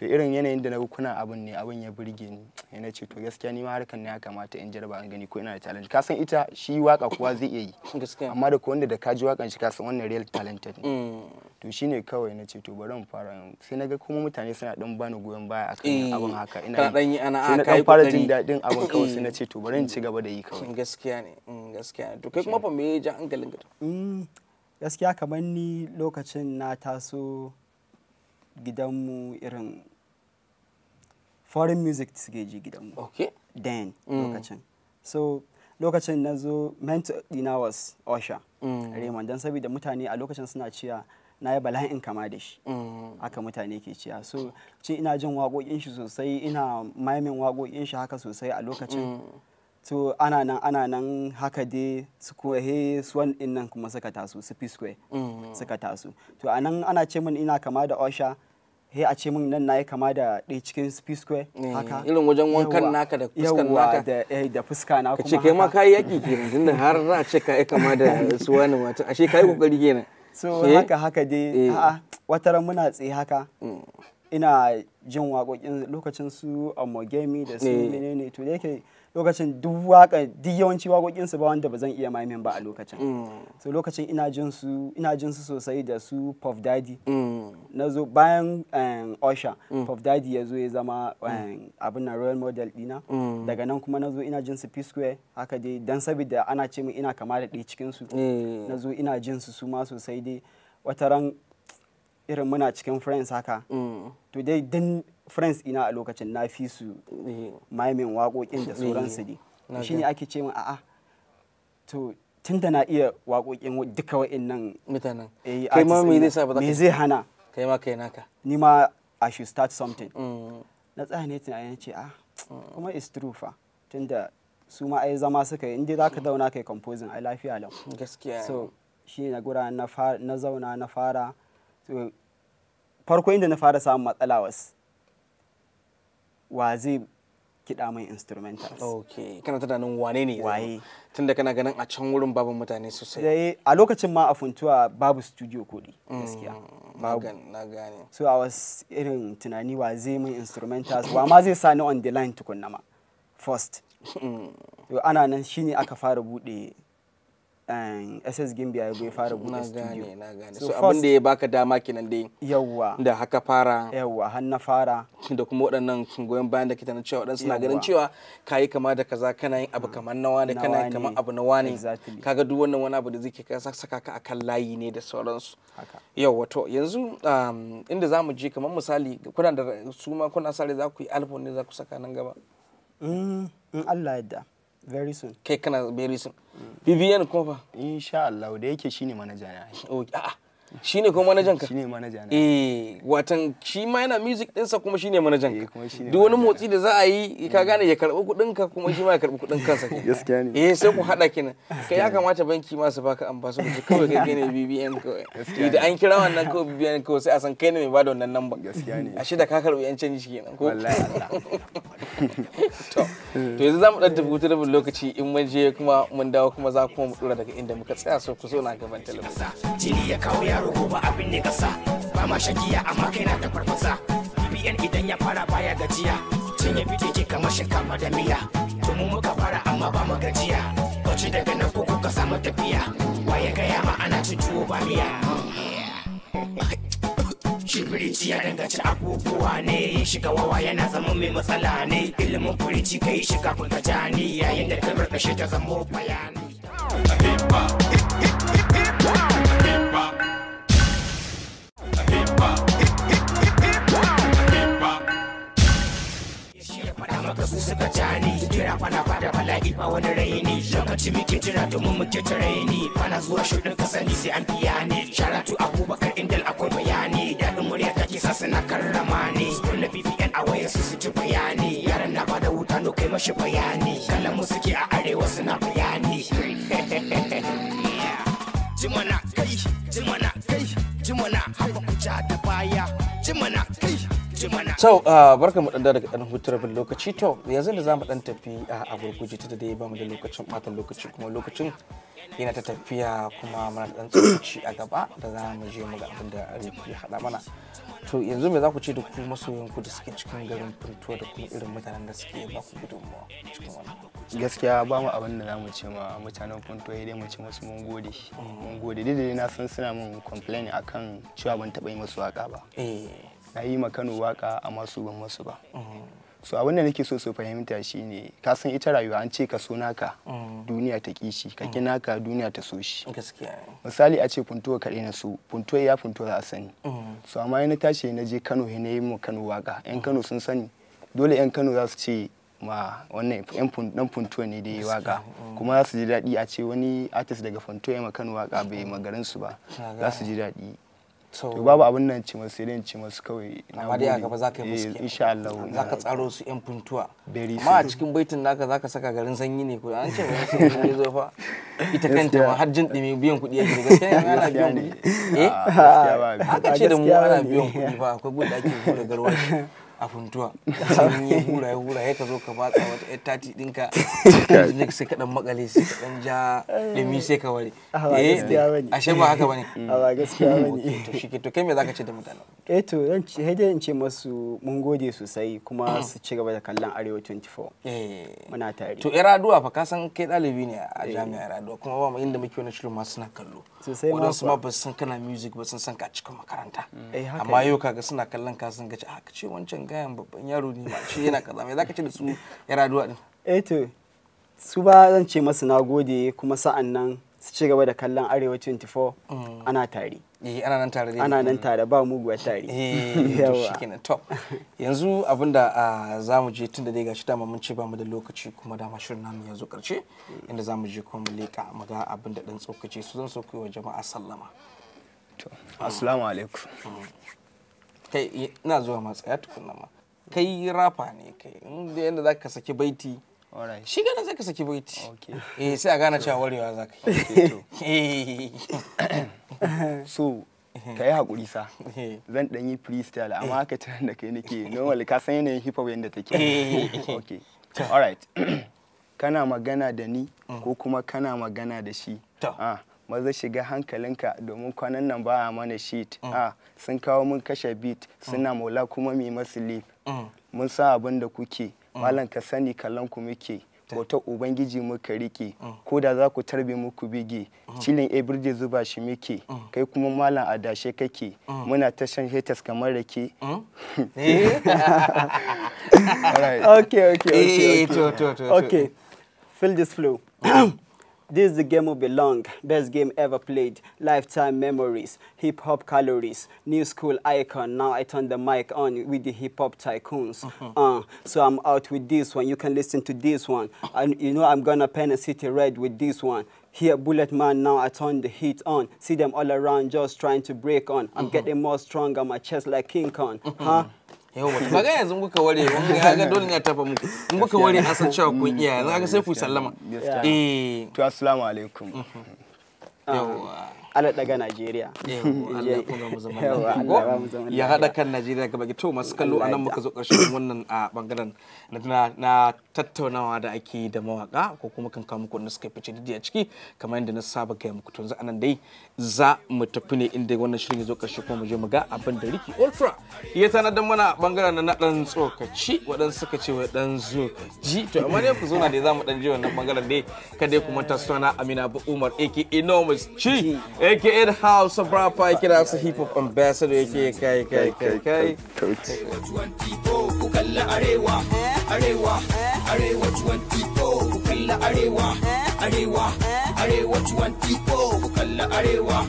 to irin yanayin da na kuna abin ne abin ya burge ni yana ce to gaskiya ni ma harkan ne ya kamata in jarba an gani ko ina da talent kasan ita shi waka kuwa zai iya yi amma da ko wanda da kaji wakan shi kasan wannan real talented ne mm. to shine kawai na ce to bari in fara sai na ga kuma mutane suna dan bani goyon baya akan eh, abin haka ina dan yi ana sai na dan ah, fara jin dadin abin kawai sai na ce to bari in mm. ci gaba da yi kawai mm, gaskiya ne gaskiya to kai kuma fa me ya ja hankalin ka gaskiya kamar ni lokacin na taso gidanmu irin foreign music suke ji gidanmu okay then mm. lokacin so lokacin na zo mentor dina was osha mm. Raymond don saboda mutane a lokacin suna cewa na yi bala'in kama da shi mm. haka mutane ke cewa so ce ina jin waƙoƙin shi sosai ina maimin waƙoƙin shi haka sosai a lokacin to ana nan ana nan haka dai su he swan nan kuma suka taso su p square suka taso to anan ana ce min ina kama da osha he a ce min nan na yi kama da ɗaya cikin sp square eh, haka irin wajen wankan naka da fuskan naka eh, da fuska na kuma ce kai ma kai yaki kenan tunda har za ce ka yi kama da suwa na mata ashe kai kokari kenan so haka haka dai eh. a'a wata ran muna tsaye haka mm. ina jin waƙoƙin lokacin su amogemi da su menene to da yake lokacin duk waka duk yawanci wakokin su ba wanda ba zan iya mamin ba a lokacin mm. so lokacin ina jin su ina jin su sosai da su Puff Daddy mm. na zo bayan Osha eh, mm. Puff Daddy ya zo ya zama eh, abin na royal model dina daga nan kuma na zo ina jin su P Square haka dai dan saboda ana ce min ina kama da ɗaya cikin su eh. na zo ina jin su su ma sosai dai ran irin muna cikin friends haka to dai din friends ina a lokacin na fi su eh, maimin waƙoƙin da sauransu ne shi ne ake ce min a'a to tun da na iya waƙoƙin duka nan mutanen eh, kai ma me zai sa ba me zai hana kai ma kai naka ni ma i should start something mm. na tsaya ne tunanin ce a mm. kuma is true fa tun da su ma ai zama suka yi inda zaka zauna kai composing ai lafiya lau gaskiya so shi na gura na zauna na fara farko inda na fara samun matsala wasu wa zai kiɗa mai instrumentals. Ok, kana tunanin wane ne waye tunda kana ganin a can wurin babu mutane sosai. Eh, a lokacin ma a funtuwa babu studio kodi, mm, gaskiya. Na gane. So a was irin tunani wa zai mai instrumentals wa ma zai sani on the line tukunna ma first. Mm. Ana nan shine aka fara buɗe ss Gimbi ya ya fara buɗe studio na gane so abin da ya baka dama kenan dai yawa da haka fara yawa har na fara da kuma waɗannan goyon bayan da kita na cewa waɗansu na ganin cewa kayi kama da kaza kana yin abu mm. kamar na wani kana yin kamar abu na wani kaga duk wannan wani abu da zai ka saka ka akan layi ne da sauransu yawa to yanzu um, inda za mu je kamar misali kuna da su ma kuna sare za ku yi album ne za ku saka nan gaba mm, in Allah ya yarda very soon kai kana very soon bbn kuma fa insha Allah da yake shine manaja ne okay shi ne kuma manajan ka shi ne manajan eh watan shi ma yana music ɗinsa kuma shi ne manajan ka eh, duk wani motsi da za a yi ka mm. gane ya karɓi kuɗin ka kuma shi ma ya karɓi kuɗin kansa gaskiya ne eh sai ku haɗa kenan kai ya kamata banki ma su baka ambasu ku kawai kai kai ne BBN kawai da an kira wannan kawai BBN kawai sai a san kai ne mai bada wannan namba gaskiya ne ashe da ka karɓi yan canji kenan ko wallahi Allah to to yanzu zamu dan tafi hutu da lokaci in mun je kuma mun dawo kuma za kuma mu dura daga inda muka tsaya so ku zo na gaban talabijin ya kawo ya yaro gobe abin ne kasa ba ma shakiya amma kai na ta farfasa bbn idan ya fara baya gajiya ya fito ke kamar shinkafa da miya to mu muka fara amma ba mu gajiya bacci daga nan ko ka samu tafiya waye gaya ma ana cin tuwo ba miya shiririci ya danganci abubuwa ne shiga wawa yana zama mai matsala ne ilimin furici kai shiga kun ka jani yayin da ka ta zamo bayani a wani raini lokaci muke jira domin muke ta raini ana zuwa shirin kasani sai an biya ni sharatu abubakar indal akwai bayani daɗin murya take sa suna karrama ni na bbn a wayarsu su su ci bayani yaran na bada wuta no kai mashi bayani kala mu suke a arewa suna bayani jimana kai jimana kai jimana haba kuja da baya jimana kai mana. So, ah, barka mu da ɗan hutar rabin lokaci to yanzu da za mu ɗan tafi ah, a gurguje ta da dai ba mu da lokacin ɓatan lokaci kuma lokacin yana ta tafiya kuma muna da ɗan tsokaci a gaba da za mu je mu ga abin da Riku ya haɗa mana. To yanzu me za ku ce da ku masoyan ku da suke cikin garin Puntuwa da kuma irin mutanen da suke ba ku gudunmawa cikin wannan. Gaskiya ba mu abin da za mu ce ma mutanen Puntuwa dai mu ce musu mun gode. Mm. Mun gode dai na san suna mun complain akan cewa ban taɓa yi musu waka ba. Eh. na yi ma Kano waka amma su ban masu ba mm-hmm. so a da nake so su fahimta shine ka san ita rayuwa an ce ka so naka mm-hmm. duniya ta kishi ka ki mm-hmm. naka duniya ta so shi misali a ce funtuwa kaɗai na so funtuwa ya funtuwa za a sani so amma na tashi na je Kano na yi ma Kano waka yan Kano sun sani dole yan Kano za su ce ma wannan dan funtuwa ne da ya waka kuma za su ji daɗi a ce wani artist daga funtuwa ya ma Kano waka bai magarin su ba za su ji daɗi to babu abin nan ce masu sai ce masu kawai amma dai a gaba za ka yi eh, musu insha Allah za ka tsaro su yan puntuwa amma a cikin baitin naka za ka saka garin sanyi ne ko an ce garin sanyi ne zo fa ita kanta ma har jin dimi biyan kuɗi yake da gaskiya ya ana biyan kuɗi eh ah, haka ce da mu ana biyan kuɗi fa akwai gudu ake hura garwashi a funtuwa sai ya hura ya hura ya ka zo ka batsa wata yar tati dinka sai ka dan makale sai ka dan ja dumi sai ka ware eh ashe ba haka bane a gaskiya bane to shike to kai me zaka ce da mutane eh to zan ce sai in ce masu mun gode sosai kuma su ci gaba da kallon arewa 24 eh muna tare to era duwa fa ka san kai dalibi ne a eh. jami'ar arewa kuma ba mu inda muke wani shirin ma suna kallo sosai ma wadansu ma ba san kana music ba sun san ka cikin makaranta eh, amma yau kaga suna kallon ka sun ga a ah, ka ce wancan gayan babban yaro ne shi yana kaza mai zaka ce da su yara duwa din eh to su ba zan ce masu nagode kuma sa'an nan su ci gaba da kallon arewa 24 mm. ana tare eh ana nan tare ana nan tare ba mu guwa tare eh, yawa shikenan top yanzu abinda ah, za mu je tunda dai gashi dama mun ce ba mu da lokaci kuma dama shirin namu yanzu karshe inda za mu je kuma mu leka mu ga abinda dan tsokace su zan so wa jama'a sallama to assalamu alaikum mm. kai ina zuwa matsaya tukunna ma kai rafa ne kai inda yadda za ka saki baiti shi gana za ka saki baiti eh sai a gane cewa warewa za ka yi eh. so ka yi haƙuri sa eh. zan ɗan yi freestyle amma haka tunan da kai nake normal ka san yanayin hip hop yadda take eh. okay alright kana magana da ni mm. ko kuma kana magana da shi ah. maza shiga hankalinka domin kwanan nan ba a mana sheet mm. a ah, sun kawo mun kashe beat mm. suna maula kuma mai masu leaf mm. mun sa abin da kuke malam ka sani kallon ku muke bauta ubangiji muka rike ko da za ku tarbe muku bige cilin ebirje zuba shi muke kai kuma malam adashe kake muna ta shan haters kamar rake eh. okay okay okay eh, okay okay, okay. okay. okay. okay. okay. okay. okay. This is the game will the long. Best game ever played. Lifetime memories. Hip hop calories. New school icon. Now I turn the mic on with the hip hop tycoons. Uh mm-hmm. -huh. uh, so I'm out with this one. You can listen to this one. And you know I'm gonna paint a city red with this one. Here, Bullet Man, now I turn the heat on. See them all around just trying to break on. I'm uh mm-hmm. -huh. getting more strong on my chest like King Kong. Mm-hmm. -huh. yau ba ga yanzu kuka ware mun ga ga dole ne tafa muku in kuka ware an san cewa kun iya yanzu ga sai ku sallama eh to assalamu alaikum ala daga Najeriya. Ya haɗa kan Najeriya baki. to masu kallo a nan muka zo ƙarshen wannan a ah, bangaren na tattaunawa da ake da mawaka ko kuma kan kawo muku wanda suka fice didi a ciki kamar yadda na saba gaya muku tunzu yanzu anan dai za mu tafi ne inda wannan shirin ya zo ƙarshe kuma mu je mu ga abin da Ricky Ultra ya tanadar mana bangaren na ɗan tsokaci waɗansu suka ce wa ɗan ji. to amma ne ku zo na dai za mu ɗan je wannan bangaren dai kada ku manta suna Amina Umar aka Enormous Chi Ik in house van Bra Pike en Hafsa Hip Hop Ambassador. Ik je kai kai kai kai. Coach. Arewa, Arewa, Arewa 24, Kukalla Arewa, Arewa, Arewa 24, Kukalla Arewa.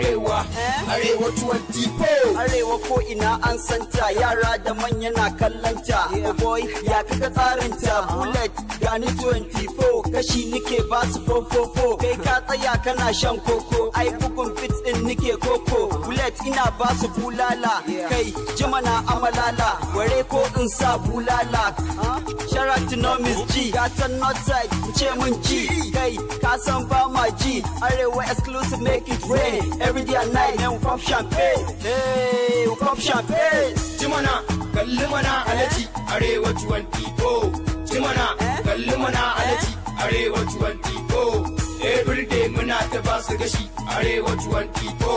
arewa eh? arewa 24 arewa ko ina an santa yara da manya na kallanta oh boy ya kaga ta uh-huh. bullet gani 24 kashi nike ba su fofofo uh-huh. kai ka tsaya kana shan koko ai bugun fit din nike koko uh-huh. bullet ina ba su bulala kai jima na amalala ware ko in sa bulala miss G Gatan Northside ce mun G kai ka san ba ma G arewa exclusive make it rain every day and night. Then we pop champagne, hey, we pop champagne. Jimana, kalli mana alaji, arewa 24. Jimana, kalli mana alaji, are you eh? Eh? what want to go. Every day muna ta ba su gashi, are you what want to go.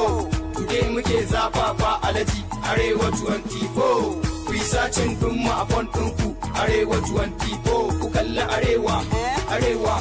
Today muke zafafa alaji, are you what want arewa 24. Ku yi sacin dinmu a ku arewa 24. Ku kalli arewa, arewa,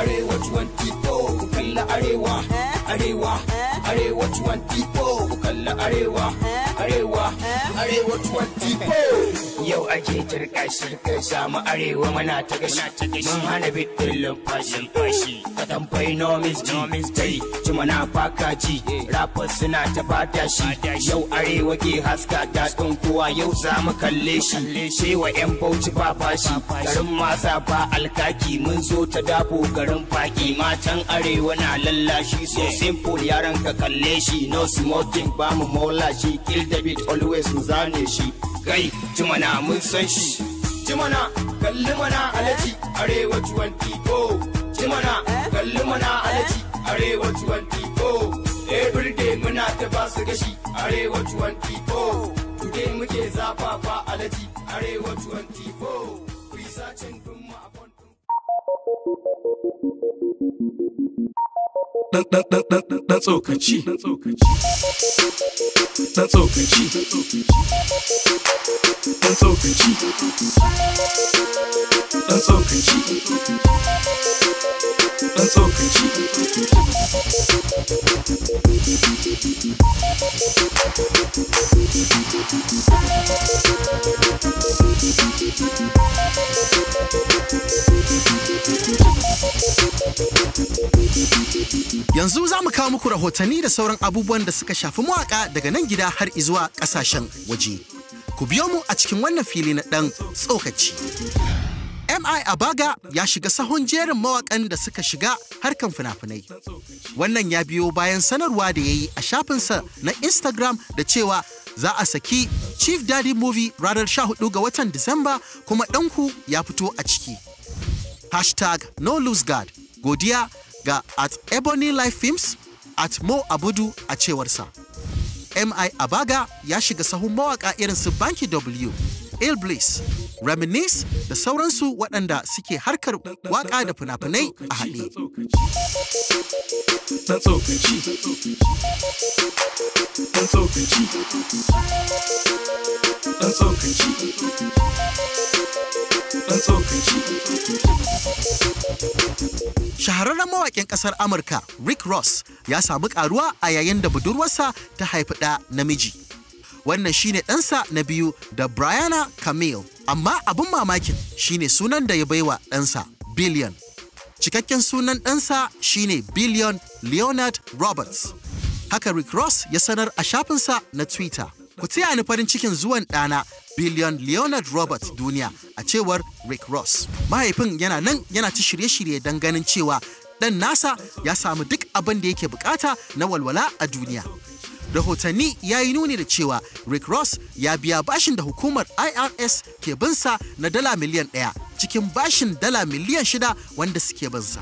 arewa 24. Ku kalli arewa. arewa eh? arewa 24 ku kalla arewa eh? arewa eh? arewa 24 yau ake turka shirka samu arewa mana ta gashi mun hana bitin lumfashi fashi ka tambayi nomis ji tai ci mana faka ji rafa suna ta fata shi yau arewa ke haska ta kuwa yau za mu kalle shi cewa yan bauchi ba fashi garin masa ba alkaki mun zo ta dafo garin faki matan arewa na lallashi sosai simple yaran ka kalle shi no smoking ba mu mola shi kill the beat always mu zane shi kai jimana mun san shi jimana kalli mana alaji arewa 24 jimana kalli mana alaji arewa 24 every day muna ta ba su gashi arewa 24 today muke zafafa alaji arewa 24 ku yi sacin mu a Thank you. dan dan dan dan dan tsokaci dan tsokaci dan tsokaci dan tsokaci dan tsokaci dan tsokaci Thank you. Yanzu za mu kawo muku rahotanni da sauran abubuwan da suka shafi mawaƙa daga nan gida har zuwa ƙasashen waje. Ku biyo mu a cikin wannan fili na ɗan tsokaci. MI Abaga ya shiga sahun jerin mawaƙan da suka shiga harkan fina-finai. Wannan ya biyo bayan sanarwa da ya yi a shafinsa na Instagram da cewa za a saki Chief Daddy Movie ranar 14 ga watan Disamba kuma ɗanku ya fito a ciki. Hashtag no lose guard. Godiya ga at ebony life films at mo abudu a cewarsa mi abaga ya shiga sahun mawaƙa irin su banki w ilblis reminis da sauransu waɗanda suke harkar waka da fina-finai a haɗe Thank you. shahararren mawaƙin ƙasar Amurka Rick Ross ya samu ƙaruwa a yayin da budurwarsa ta haifi ɗa namiji. Wannan shine ɗansa na biyu da Brianna Camille, amma abin mamakin shine sunan da ya baiwa ɗansa Billion. Cikakken sunan ɗansa shine Billion Leonard Roberts. Haka Rick Ross ya sanar a shafinsa na Twitter. Ku taya ni farin cikin zuwan ɗana Billion Leonard Robert duniya a cewar Rick Ross. Mahaifin yana nan yana ta shirye-shirye don ganin cewa ɗan nasa ya samu duk abin da yake bukata na walwala a duniya. Rahotanni ya yi nuni da cewa Rick Ross ya biya bashin da hukumar IRS ke binsa na dala miliyan ɗaya cikin bashin dala miliyan shida wanda suke binsa.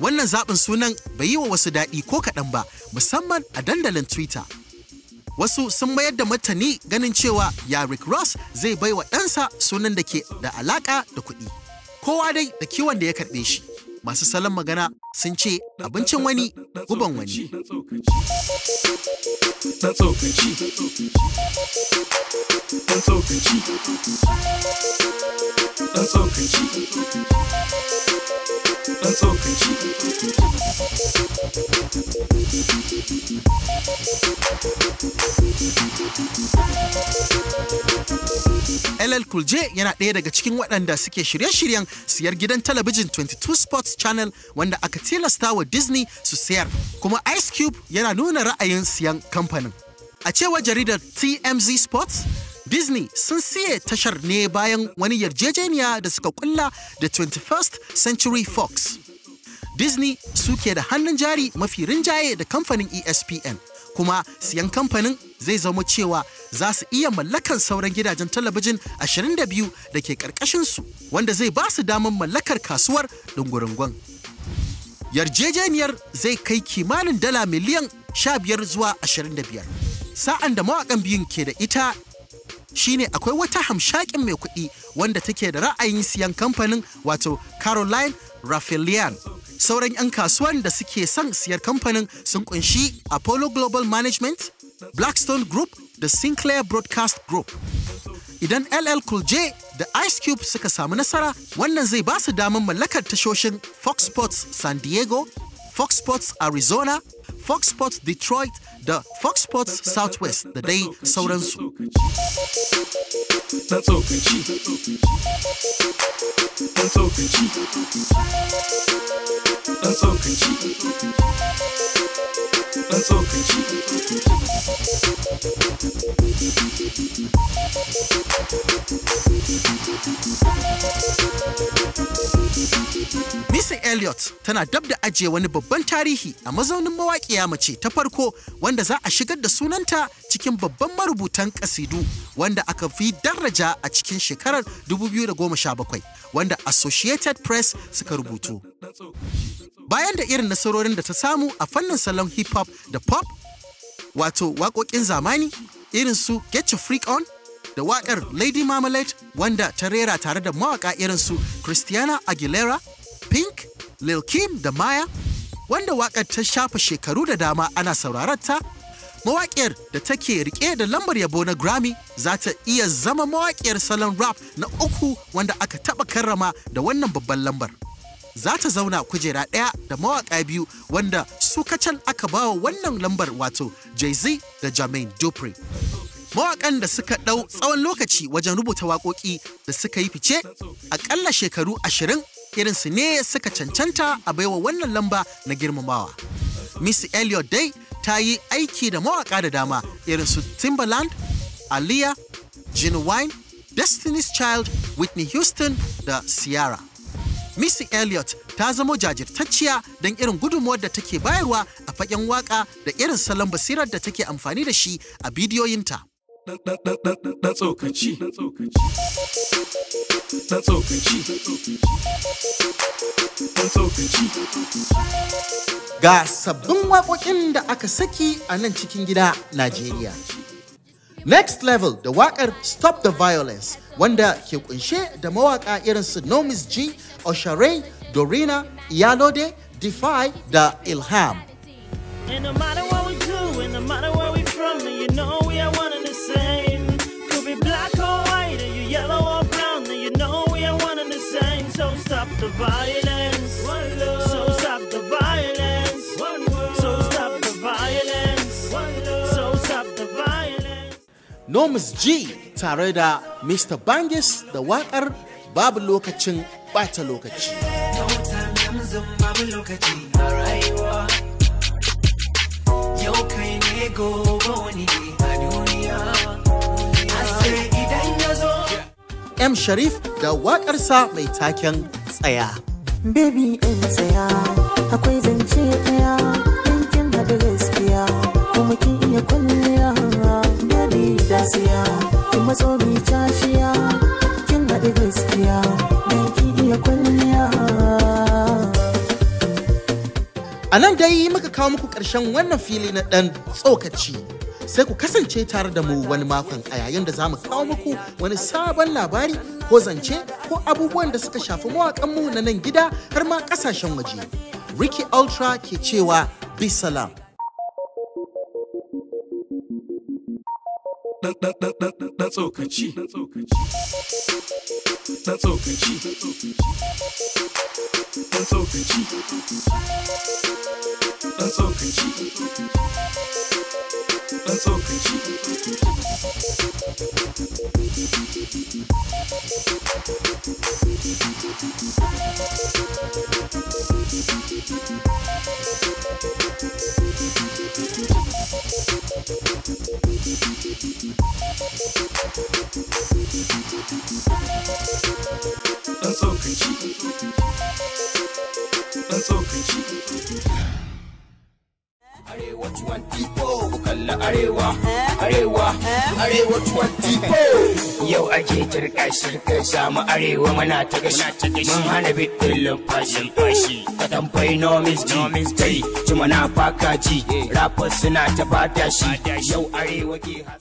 Wannan zaɓin sunan bai yi wa wasu daɗi ko kaɗan ba musamman a dandalin Twitter. wasu sun mayar da martani ganin cewa yari Ross zai baiwa ɗansa sunan da ke da alaƙa da kuɗi. Kowa dai da kiwon da ya karɓe shi. Masu salon magana sun ce abincin wani guban wani. dan LL Cool J yana ɗaya daga cikin waɗanda suke shirye-shiryen siyar gidan talabijin 22 Sports Channel wanda aka tilasta wa Disney su sayar, kuma Ice Cube yana nuna ra'ayin siyan kamfanin. A cewar jaridar TMZ Sports, Disney sun siye tashar ne bayan wani yarjejeniya da suka kulla da 21st Century Fox. Disney suke da hannun jari mafi rinjaye da kamfanin ESPN, kuma siyan kamfanin zai zama cewa za su iya mallakar sauran gidajen talabijin 22 da ke su wanda zai ba su damar mallakar kasuwar dungurungun. Yarjejeniyar zai kai kimanin dala miliyan 15 zuwa 25. Sa'an da mawaƙan biyun ke da ita shine akwai wata hamshakin mai kuɗi wanda take da ra'ayin siyan kamfanin wato Caroline Raffelian. Sauran 'yan kasuwan da suke son siyar kamfanin sun kunshi Apollo Global Management, Blackstone Group da Sinclair Broadcast Group. Idan LL Cool J da Ice Cube suka samu nasara, wannan zai ba su damar mallakar tashoshin Fox Sports San Diego, Fox Sports Arizona, Fox Sports Detroit, the Fox Sports Southwest, the day sauransu. Thank you. Elliot tana dab da ajiye wani babban tarihi a mazaunin mawaƙiya mace ta farko wanda za a shigar da sunanta cikin babban marubutan ƙasidu wanda aka fi daraja a cikin shekarar 2017 wanda Associated Press suka rubutu. Bayan da irin nasarorin da ta samu a fannin salon hip hop da pop, wato waƙoƙin zamani irin su Get Your Freak On da waƙar Lady Marmalade wanda ta rera tare da mawaƙa irinsu su Christiana Aguilera, Pink, Lil Kim da Maya, wanda waƙar ta shafa shekaru da dama ana saurararta, mawaƙiyar da take rike da lambar yabo na Grammy za ta iya zama mawaƙiyar salon rap na uku wanda aka taɓa karrama da wannan babban lambar. Za ta zauna kujera ɗaya da mawaƙa biyu wanda su kacal aka bawa wannan lambar wato Jay-Z da Jermaine Dupri. mawaƙan da suka ɗau tsawon lokaci wajen rubuta waƙoƙi da suka yi fice aƙalla shekaru ashirin Irin su ne suka cancanta a baiwa wannan lamba na girmamawa. Miss Elliot dai ta yi aiki da mawaƙa da dama irinsu Timberland, Aliyah, Gene Wine, Destiny's Child, Whitney Houston da Ciara. Miss Elliot ta zama jajirtacciya don irin gudunmuwar da take bayarwa a fagen waka da irin salon basirar da take amfani da shi a bidiyoyinta. Ga sabbin waƙoƙin da aka saki a nan cikin gida Najeriya. Next Level da waƙar Stop the Violence wanda ke kunshe da mawaƙa irin su Nomis G, Oshare, Dorina, Iyalode, Defy da Ilham. So stop the violence. One love. So stop the violence. One world. So stop the violence. One love. So stop the violence. Nomus G tareda, Mr. Bangis da waƙar babu lokacin bata lokaci. Yau kai ne go wani M Sharif da waƙarsa mai taken tsaya. Baby in tsaya, akwai zance ɗaya, yankin haɗa gaskiya, kuma kin iya yara. Baby da tsaya, kin matso mi cashiya, kin haɗa gaskiya, don kin iya yara. A nan dai muka kawo muku ƙarshen wannan fili na ɗan tsokaci sai ku kasance tare da mu wani makon a yayin da za mu kawo muku wani sabon labari ko zance ko abubuwan da suka shafi mawaƙanmu na nan gida har ma ƙasashen waje. Ricky Ultra ke cewa bisalam. dan dan dan dan dan tsokaci dan tsokaci dan tsokaci dan tsokaci dan tsokaci I'm so can you. na arewa arewa arewa 24 yau ake turka shirka samu arewa mana ta gashi mun hana bitin lumfashi fashi ka tambayi nomis ji tai ci mana faka ji rappers suna ta fata shi yau arewa ke hasa